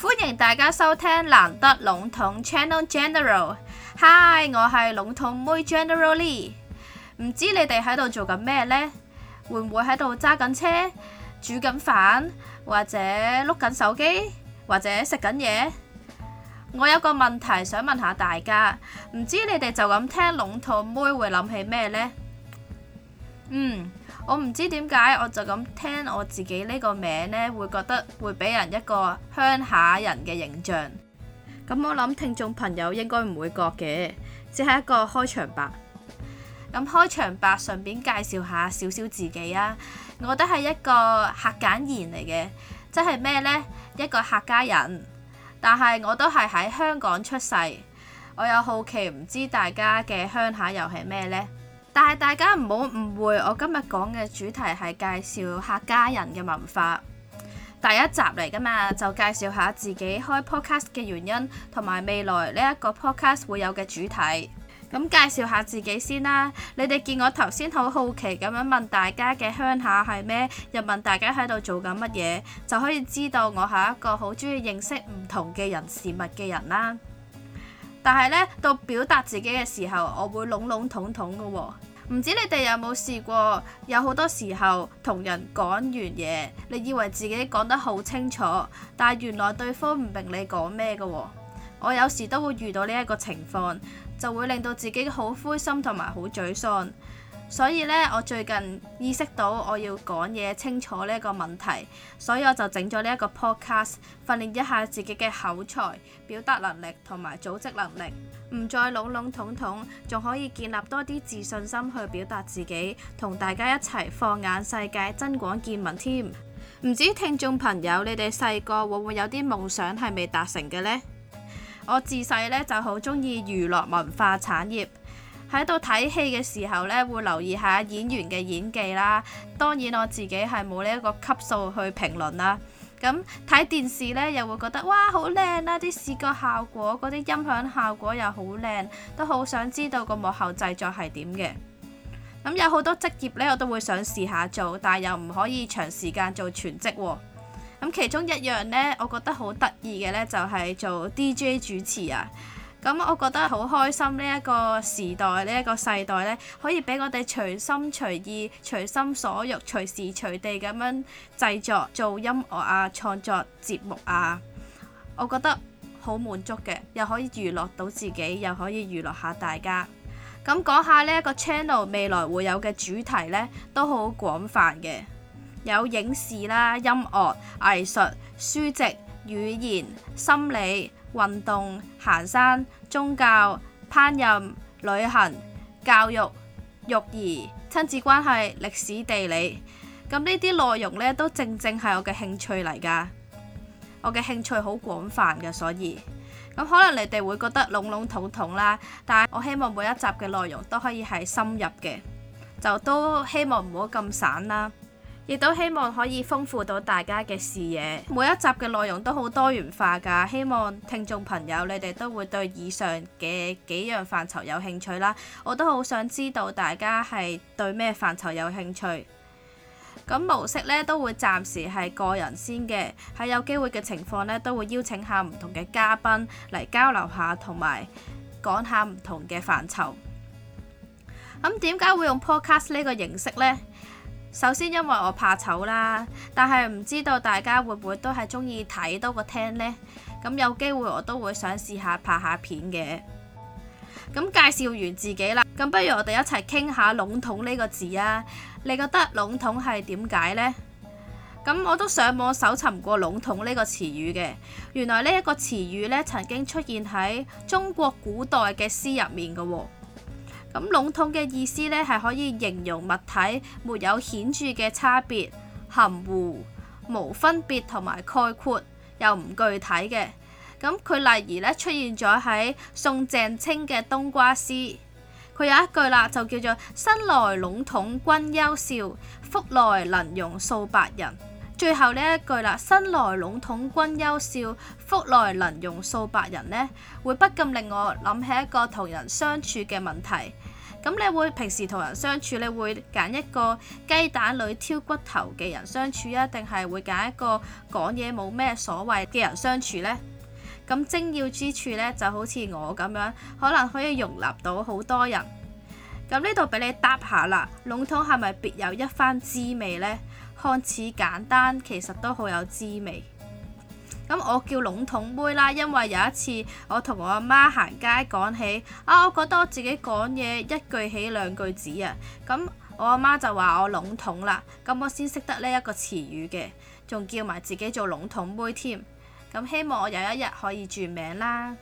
歡迎大家收聽難得籠統 Channel General，Hi，我係籠統妹 General Lee，唔知你哋喺度做緊咩呢？會唔會喺度揸緊車、煮緊飯或者碌緊手機或者食緊嘢？我有個問題想問下大家，唔知你哋就咁聽籠統妹會諗起咩呢？嗯。我唔知點解，我就咁聽我自己呢個名呢，會覺得會俾人一個鄉下人嘅形象。咁我諗聽眾朋友應該唔會覺嘅，只係一個開場白。咁開場白順便介紹下少少自己啊，我得係一個客簡言嚟嘅，即係咩呢？一個客家人，但係我都係喺香港出世。我又好奇，唔知大家嘅鄉下又係咩呢？但係大家唔好誤會，我今日講嘅主題係介紹客家人嘅文化，第一集嚟㗎嘛，就介紹下自己開 podcast 嘅原因，同埋未來呢一個 podcast 會有嘅主題。咁、嗯、介紹下自己先啦，你哋見我頭先好好奇咁樣問大家嘅鄉下係咩，又問大家喺度做緊乜嘢，就可以知道我係一個好中意認識唔同嘅人事物嘅人啦。但係呢，到表達自己嘅時候，我會籠籠統統嘅喎、哦。唔知你哋有冇試過？有好多時候同人講完嘢，你以為自己講得好清楚，但係原來對方唔明你講咩嘅喎。我有時都會遇到呢一個情況，就會令到自己好灰心同埋好沮喪。所以咧，我最近意識到我要講嘢清楚呢一個問題，所以我就整咗呢一個 podcast，訓練一下自己嘅口才、表達能力同埋組織能力，唔再籠籠統統，仲可以建立多啲自信心去表達自己，同大家一齊放眼世界增廣、增廣見聞添。唔知聽眾朋友，你哋細個會唔會有啲夢想係未達成嘅呢？我自細咧就好中意娛樂文化產業。喺度睇戲嘅時候呢，會留意下演員嘅演技啦。當然我自己係冇呢一個級數去評論啦。咁睇電視呢，又會覺得哇好靚啦，啲視覺效果、嗰啲音響效果又好靚，都好想知道個幕後製作係點嘅。咁有好多職業呢，我都會想試下做，但係又唔可以長時間做全職喎。咁其中一樣呢，我覺得好得意嘅呢，就係做 DJ 主持啊。咁我覺得好開心，呢一個時代，呢一個世代呢，可以俾我哋隨心隨意、隨心所欲、隨時隨地咁樣製作做音樂啊、創作節目啊，我覺得好滿足嘅，又可以娛樂到自己，又可以娛樂下大家。咁講下呢一個 channel 未來會有嘅主題呢，都好廣泛嘅，有影視啦、音樂、藝術、書籍、語言、心理。運動、行山、宗教、烹飪、旅行、教育、育兒、親子關係、歷史地理，咁呢啲內容呢都正正係我嘅興趣嚟㗎。我嘅興趣好廣泛㗎，所以咁可能你哋會覺得籠籠統統啦，但係我希望每一集嘅內容都可以係深入嘅，就都希望唔好咁散啦。亦都希望可以豐富到大家嘅視野，每一集嘅內容都好多元化㗎。希望聽眾朋友你哋都會對以上嘅幾樣範疇有興趣啦。我都好想知道大家係對咩範疇有興趣。咁模式呢都會暫時係個人先嘅，喺有機會嘅情況呢都會邀請下唔同嘅嘉賓嚟交流下，同埋講下唔同嘅範疇。咁點解會用 Podcast 呢個形式呢？首先，因為我怕醜啦，但係唔知道大家會唔會都係中意睇多過聽呢？咁有機會我都會想試，試拍下拍下片嘅。咁介紹完自己啦，咁不如我哋一齊傾下籠統呢個字啊？你覺得籠統係點解呢？咁我都上網搜尋過籠統呢個詞語嘅，原來呢一個詞語呢曾經出現喺中國古代嘅詩入面嘅喎。咁籠統嘅意思呢，係可以形容物體沒有顯著嘅差別、含糊、無分別同埋概括又唔具體嘅。咁佢例而咧出現咗喺宋鄭清嘅冬瓜詩，佢有一句啦，就叫做生來籠統君休笑，腹裏能容數百人。最後呢一句啦，身來籠統君優少，福來能容數百人呢，會不禁令我諗起一個同人相處嘅問題。咁你會平時同人相處，你會揀一個雞蛋裏挑骨頭嘅人相處啊，定係會揀一個講嘢冇咩所謂嘅人相處呢？咁精要之處呢，就好似我咁樣，可能可以容納到好多人。咁呢度俾你答下啦，籠統係咪別有一番滋味呢？看似簡單，其實都好有滋味。咁我叫籠統妹啦，因為有一次我同我阿媽行街講起，啊、哦、我覺得我自己講嘢一句起兩句止啊，咁我阿媽就話我籠統啦，咁我先識得呢一個詞語嘅，仲叫埋自己做籠統妹添。咁希望我有一日可以轉名啦。